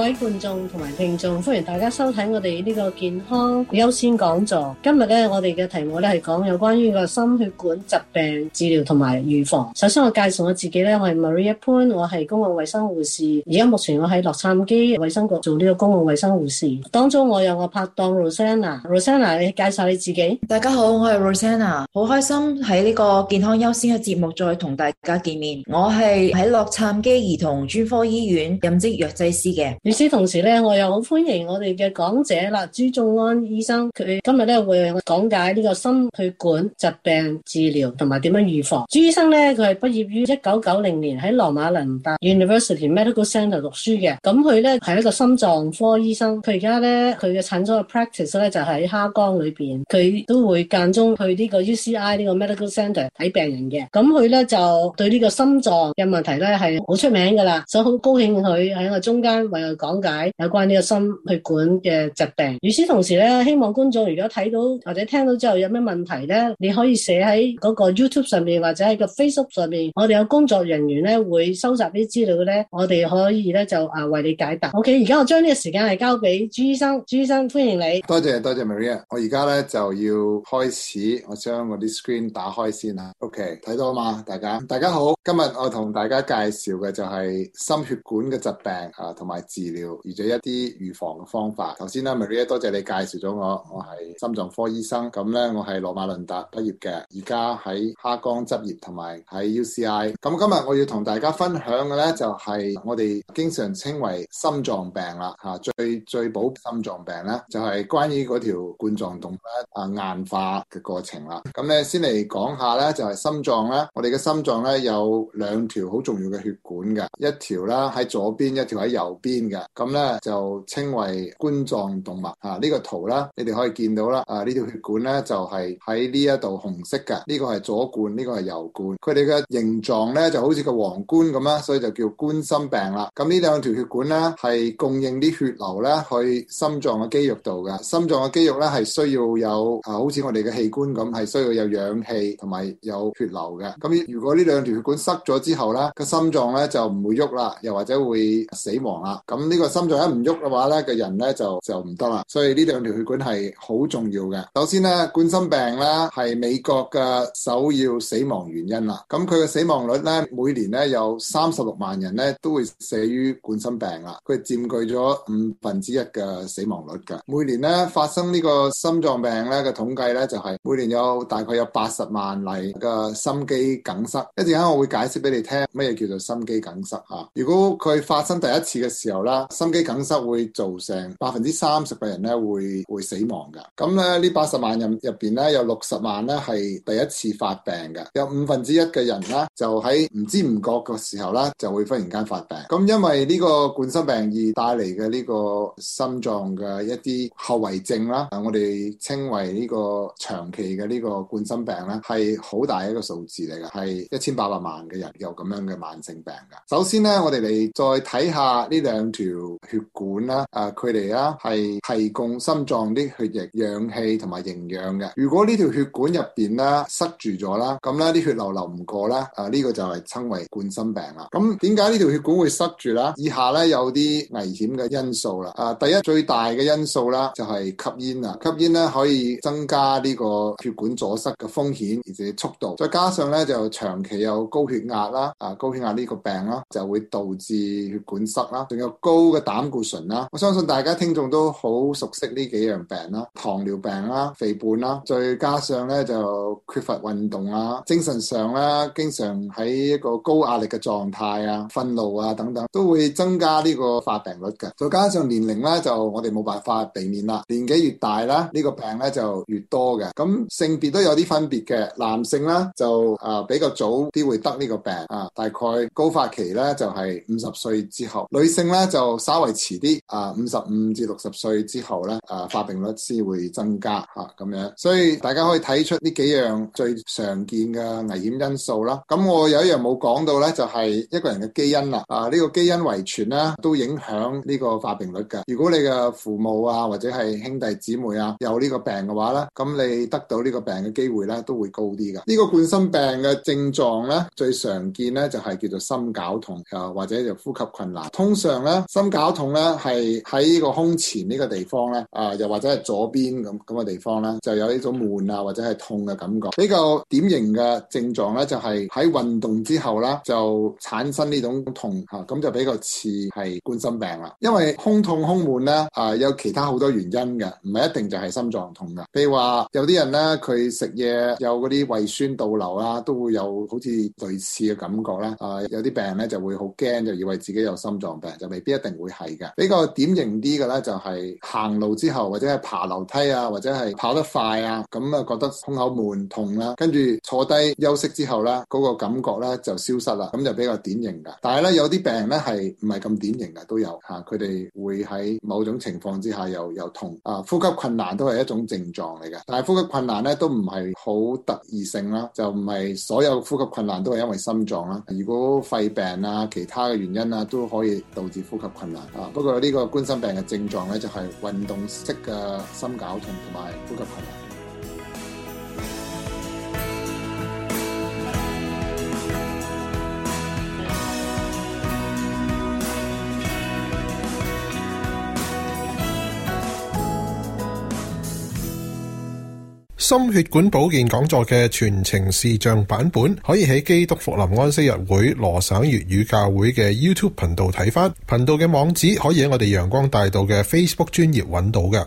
各位觀眾同埋聽眾，歡迎大家收睇我哋呢個健康優先講座。今日咧，我哋嘅題目咧係講有關於個心血管疾病治療同埋預防。首先，我介紹我自己咧，我係 Maria Poon，我係公共衛生護士。而家目前我喺洛杉磯衛生局做呢個公共衛生護士。當中，我有個拍檔 Rosanna，Rosanna，你介紹你自己。大家好，我係 Rosanna，好開心喺呢個健康優先嘅節目再同大家見面。我係喺洛杉磯兒童專科醫院任職藥劑師嘅。與此同時咧，我又好歡迎我哋嘅講者啦，朱仲安醫生。佢今日咧會講解呢個心血管疾病治療同埋點樣預防。朱醫生咧，佢係畢業於一九九零年喺羅馬林達 University Medical Center 讀書嘅。咁佢咧係一個心臟科醫生。佢而家咧佢嘅診所嘅 practice 咧就喺，是，哈崗裏邊。佢都會間中去呢個 UCI 呢個 Medical Center 睇病人嘅。咁佢咧就對呢個心臟嘅問題咧係好出名噶啦，所以好高興佢喺我中間為。講解有關呢個心血管嘅疾病，與此同時咧，希望觀眾如果睇到或者聽到之後有咩問題咧，你可以寫喺嗰個 YouTube 上面或者喺個 Facebook 上面，我哋有工作人員咧會收集啲資料咧，我哋可以咧就啊為你解答。OK，而家我將呢個時間係交俾朱醫生，朱醫生歡迎你，多謝多謝 Maria，我而家咧就要開始，我將我啲 screen 打開先啦。OK，睇到啊嘛？大家大家好，今日我同大家介紹嘅就係心血管嘅疾病啊，同埋治療，以及一啲預防嘅方法。頭先啦，Maria，多謝你介紹咗我，我係心臟科醫生。咁咧，我係羅馬倫達畢業嘅，而家喺哈江執業，同埋喺 UCI。咁今日我要同大家分享嘅咧，就係、是、我哋經常稱為心臟病啦，吓、啊、最最保心臟病咧，就係、是、關於嗰條冠狀動脈啊硬化嘅過程啦。咁咧，先嚟講下咧，就係、是、心臟啦。我哋嘅心臟咧有兩條好重要嘅血管嘅，一條啦喺左邊，一條喺右邊。咁咧就稱為冠狀動脈啊！呢個圖啦，你哋可以見到啦。啊，呢條血管咧就係喺呢一度紅色嘅，呢個係左冠，呢個係右冠。佢哋嘅形狀咧就好似個皇冠咁啦，所以就叫冠心病啦。咁呢兩條血管咧係供應啲血流咧去心臟嘅肌肉度嘅。心臟嘅肌肉咧係需要有啊，好似我哋嘅器官咁，係需要有氧氣同埋有血流嘅。咁如果呢兩條血管塞咗之後咧，個心臟咧就唔會喐啦，又或者會死亡啦。咁咁呢個心臟一唔喐嘅話咧，個人咧就就唔得啦。所以呢兩條血管係好重要嘅。首先咧，冠心病咧係美國嘅首要死亡原因啦。咁佢嘅死亡率咧，每年咧有三十六萬人咧都會死於冠心病啦。佢佔據咗五分之一嘅死亡率㗎。每年咧發生呢個心臟病咧嘅統計咧，就係、是、每年有大概有八十萬例嘅心肌梗塞。一陣間我會解釋俾你聽咩叫做心肌梗塞。如果佢發生第一次嘅時候咧，心肌梗塞會造成百分之三十嘅人咧會會死亡噶咁咧呢八十萬人入邊咧有六十萬咧係第一次發病嘅，有五分之一嘅人咧就喺唔知唔覺嘅時候咧就會忽然間發病。咁因為呢個冠心病而帶嚟嘅呢個心臟嘅一啲後遺症啦，我哋稱為呢個長期嘅呢個冠心病啦，係好大一個數字嚟噶係一千八百萬嘅人有咁樣嘅慢性病噶首先咧我哋嚟再睇下呢兩。血血條血管啦，啊，佢哋啊係提供心臟啲血液、氧氣同埋營養嘅。如果呢條血管入邊咧塞住咗啦，咁咧啲血流流唔過啦，啊、這、呢個就係稱為冠心病啦。咁點解呢條血管會塞住啦？以下咧有啲危險嘅因素啦。啊，第一最大嘅因素啦，就係吸煙啊。吸煙咧可以增加呢個血管阻塞嘅風險，而且速度。再加上咧就長期有高血壓啦，啊高血壓呢個病啦就會導致血管塞啦，仲有高高嘅膽固醇啦，我相信大家聽眾都好熟悉呢幾樣病啦，糖尿病啦、肥胖啦，再加上咧就缺乏運動啦、精神上啦，經常喺一個高壓力嘅狀態啊、憤怒啊等等，都會增加呢個發病率嘅。再加上年齡咧就我哋冇辦法避免啦，年紀越大啦，呢個病咧就越多嘅。咁性別都有啲分別嘅，男性啦就啊比較早啲會得呢個病啊，大概高發期咧就係五十歲之後，女性咧就。就稍微遲啲，啊，五十五至六十歲之後咧，啊，發病率先會增加嚇咁樣。所以大家可以睇出呢幾樣最常見嘅危險因素啦。咁我有一樣冇講到咧，就係一個人嘅基因啦。啊，呢個基因遺傳啦，都影響呢個發病率嘅。如果你嘅父母啊，或者係兄弟姊妹啊，有呢個病嘅話咧，咁你得到呢個病嘅機會咧，都會高啲嘅。呢個冠心病嘅症狀咧，最常見咧就係叫做心絞痛啊，或者就呼吸困難。通常咧。心絞痛咧，係喺呢個胸前呢個地方咧，啊，又或者係左邊咁咁嘅地方咧，就有呢種悶啊或者係痛嘅感覺。比較典型嘅症狀咧，就係喺運動之後呢，就產生呢種痛吓，咁就比較似係冠心病啦。因為胸痛胸悶咧，啊，有其他好多原因嘅，唔係一定就係心臟痛噶。譬如話有啲人咧，佢食嘢有嗰啲胃酸倒流啊，都會有好似類似嘅感覺啦。啊，有啲病人咧就會好驚，就以為自己有心臟病，就未必一定會係嘅，比較典型啲嘅咧，就係行路之後，或者係爬樓梯啊，或者係跑得快啊，咁啊覺得胸口悶痛啦，跟住坐低休息之後咧，嗰個感覺咧就消失啦，咁就比較典型嘅。但係咧有啲病人咧係唔係咁典型嘅，都有吓，佢哋會喺某種情況之下又又痛啊，呼吸困難都係一種症狀嚟嘅。但係呼吸困難咧都唔係好特異性啦，就唔係所有呼吸困難都係因為心臟啦，如果肺病啊其他嘅原因啊都可以導致呼。呼吸困難啊！不過呢個冠心病嘅症狀就係運動式嘅心絞痛同埋呼吸困難。心血管保健講座嘅全程視像版本，可以喺基督復臨安息日會羅省粵語教會嘅 YouTube 頻道睇翻。頻道嘅網址可以喺我哋陽光大道嘅 Facebook 專頁揾到嘅。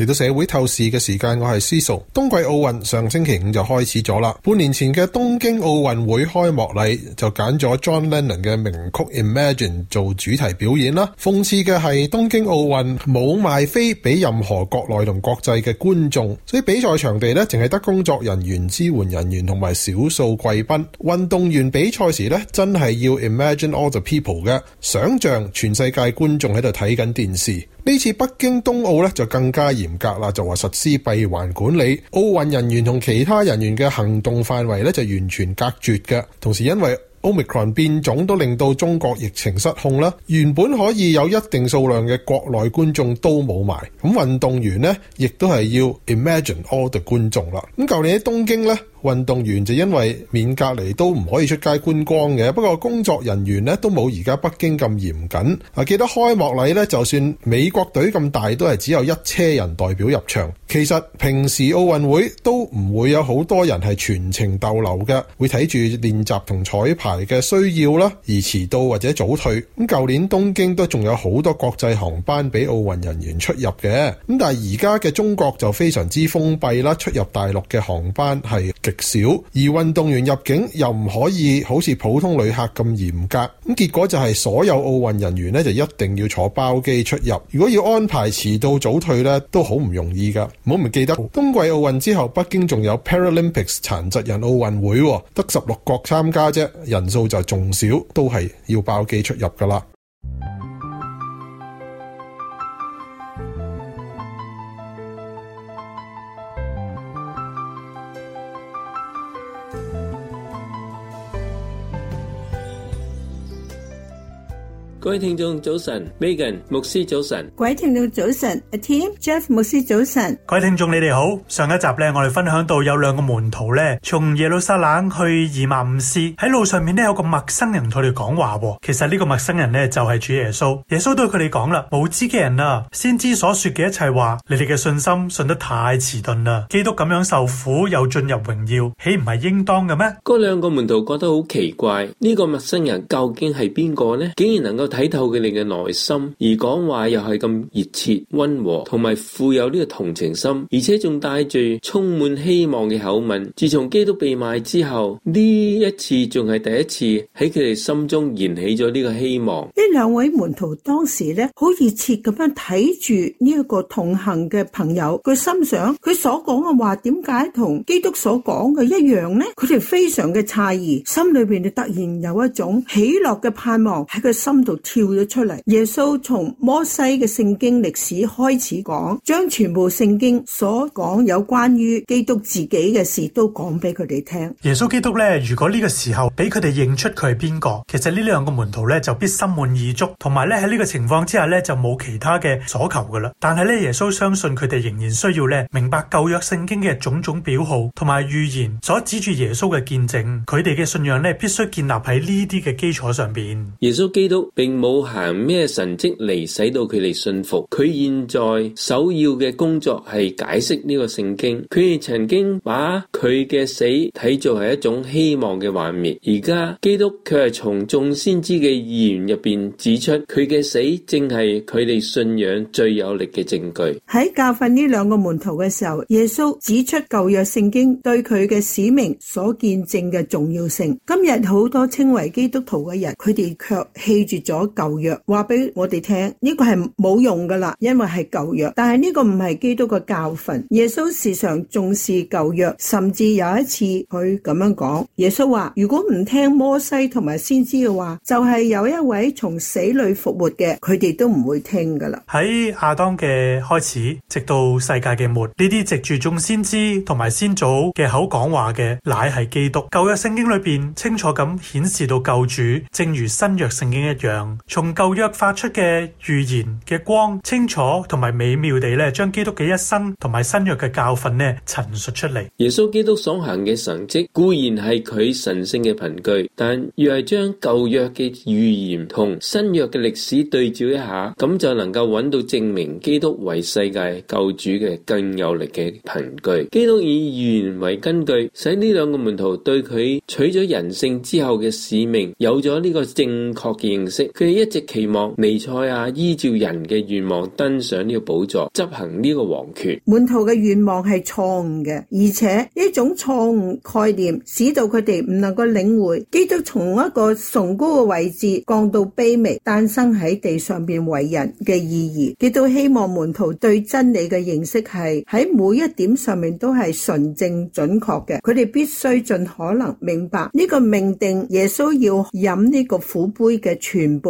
嚟到社會透視嘅時間，我係思熟。冬季奧運上星期五就開始咗啦。半年前嘅東京奧運會開幕禮就揀咗 John Lennon 嘅名曲 Imagine 做主題表演啦。諷刺嘅係東京奧運冇賣飛俾任何國內同國際嘅觀眾，所以比賽場地咧淨係得工作人員、支援人員同埋少數貴賓。運動員比賽時咧真係要 Imagine all the people 嘅，想像全世界觀眾喺度睇緊電視。呢次北京冬奧咧就更加嚴格啦，就話實施閉環管理，奧運人員同其他人員嘅行動範圍咧就完全隔絕嘅。同時因為 Omicron 變種都令到中國疫情失控啦，原本可以有一定數量嘅國內觀眾都冇埋，咁運動員呢，亦都係要 imagine all the 觀眾啦。咁舊年喺東京呢。運動員就因為免隔離都唔可以出街觀光嘅，不過工作人員呢都冇而家北京咁嚴謹。啊，記得開幕禮呢，就算美國隊咁大，都係只有一車人代表入場。其實平時奧運會都唔會有好多人係全程逗留嘅，會睇住練習同彩排嘅需要啦，而遲到或者早退。咁舊年東京都仲有好多國際航班俾奧運人員出入嘅，咁但係而家嘅中國就非常之封閉啦，出入大陸嘅航班係，極少，而運動員入境又唔可以好似普通旅客咁嚴格，咁結果就係所有奧運人員呢就一定要坐包機出入。如果要安排遲到早退呢，都好唔容易噶。唔好唔記得，冬季奧運之後，北京仲有 Paralympics 殘疾人奧運會，得十六國參加啫，人數就仲少，都係要包機出入噶啦。各位聽眾早晨，Megan 牧師早晨，各位聽眾早晨，A team Jeff 牧師早晨，各位聽眾你哋好。上一集咧，我哋分享到有兩個門徒咧，從耶路撒冷去以馬忤斯喺路上面咧，有個陌生人同佢哋講話。其實呢個陌生人咧就係主耶穌。耶穌對佢哋講啦：無知嘅人啊，先知所說嘅一切話，你哋嘅信心信得太遲鈍啦。基督咁樣受苦又進入榮耀，豈唔係應當嘅咩？嗰兩個門徒覺得好奇怪，呢個陌生人究竟係邊個咧？竟然能夠睇。睇透佢哋嘅內心，而講話又係咁熱切温和，同埋富有呢個同情心，而且仲帶住充滿希望嘅口吻。自從基督被賣之後，呢一次仲係第一次喺佢哋心中燃起咗呢個希望。呢兩位門徒當時咧，好熱切咁樣睇住呢一個同行嘅朋友，佢心想佢所講嘅話點解同基督所講嘅一樣呢？佢哋非常嘅詫異，心裏邊就突然有一種喜樂嘅盼望喺佢心度。跳咗出嚟，耶穌從摩西嘅聖經歷史開始講，將全部聖經所講有關於基督自己嘅事都講俾佢哋聽。耶穌基督咧，如果呢個時候俾佢哋認出佢係邊個，其實呢兩個門徒咧就必心滿意足，同埋咧喺呢個情況之下咧就冇其他嘅所求噶啦。但係咧，耶穌相信佢哋仍然需要咧明白舊約聖經嘅種種表號同埋預言所指住耶穌嘅見證，佢哋嘅信仰咧必須建立喺呢啲嘅基礎上邊。耶穌基督並冇行咩神蹟嚟使到佢哋信服，佢現在首要嘅工作係解釋呢個聖經。佢哋曾經把佢嘅死睇做係一種希望嘅幻滅，而家基督卻係從眾先知嘅言入邊指出，佢嘅死正係佢哋信仰最有力嘅證據。喺教訓呢兩個門徒嘅時候，耶穌指出舊約聖經對佢嘅使命所見證嘅重要性。今日好多稱爲基督徒嘅人，佢哋卻棄絕咗。舊約話俾我哋聽，呢個係冇用噶啦，因為係舊約。但係呢個唔係基督嘅教訓。耶穌時常重視舊約，甚至有一次佢咁樣講：耶穌話，如果唔聽摩西同埋先知嘅話，就係有一位從死裏復活嘅，佢哋都唔會聽噶啦。喺亞當嘅開始，直到世界嘅末，呢啲藉住眾先知同埋先祖嘅口講話嘅，乃係基督。舊約聖經裏邊清楚咁顯示到救主，正如新約聖經一樣。.從舊約發出嘅預言嘅光，清楚同埋美妙地咧，將基督嘅一生同埋新約嘅教訓咧，陳述出嚟。耶穌基督所行嘅神蹟固然係佢神聖嘅憑據，但若係將舊約嘅預言同新約嘅歷史對照一下，咁就能夠揾到證明基督為世界救主嘅更有力嘅憑據。基督以預言為根據，使呢兩個門徒對佢取咗人性之後嘅使命有咗呢個正確嘅認識。佢一直期望彌賽亞，依照人嘅願望登上呢個寶座，執行呢個王權。門徒嘅願望係錯誤嘅，而且呢一種錯誤概念使到佢哋唔能夠領會基督從一個崇高嘅位置降到卑微，誕生喺地上邊為人嘅意義。基督希望門徒對真理嘅認識係喺每一點上面都係純正準確嘅。佢哋必須盡可能明白呢個命定，耶穌要飲呢個苦杯嘅全部。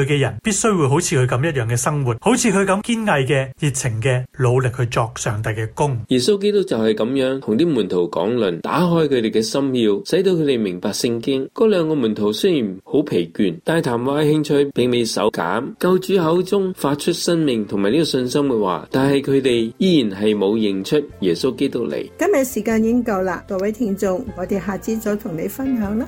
佢嘅人必須會好似佢咁一樣嘅生活，好似佢咁堅毅嘅、熱情嘅、努力去作上帝嘅工。耶穌基督就係咁樣同啲門徒講論，打開佢哋嘅心竅，使到佢哋明白聖經。嗰兩個門徒雖然好疲倦，但係談話嘅興趣並未手減。救主口中發出生命同埋呢個信心嘅話，但係佢哋依然係冇認出耶穌基督嚟。今日時間已經夠啦，各位聽眾，我哋下次再同你分享啦。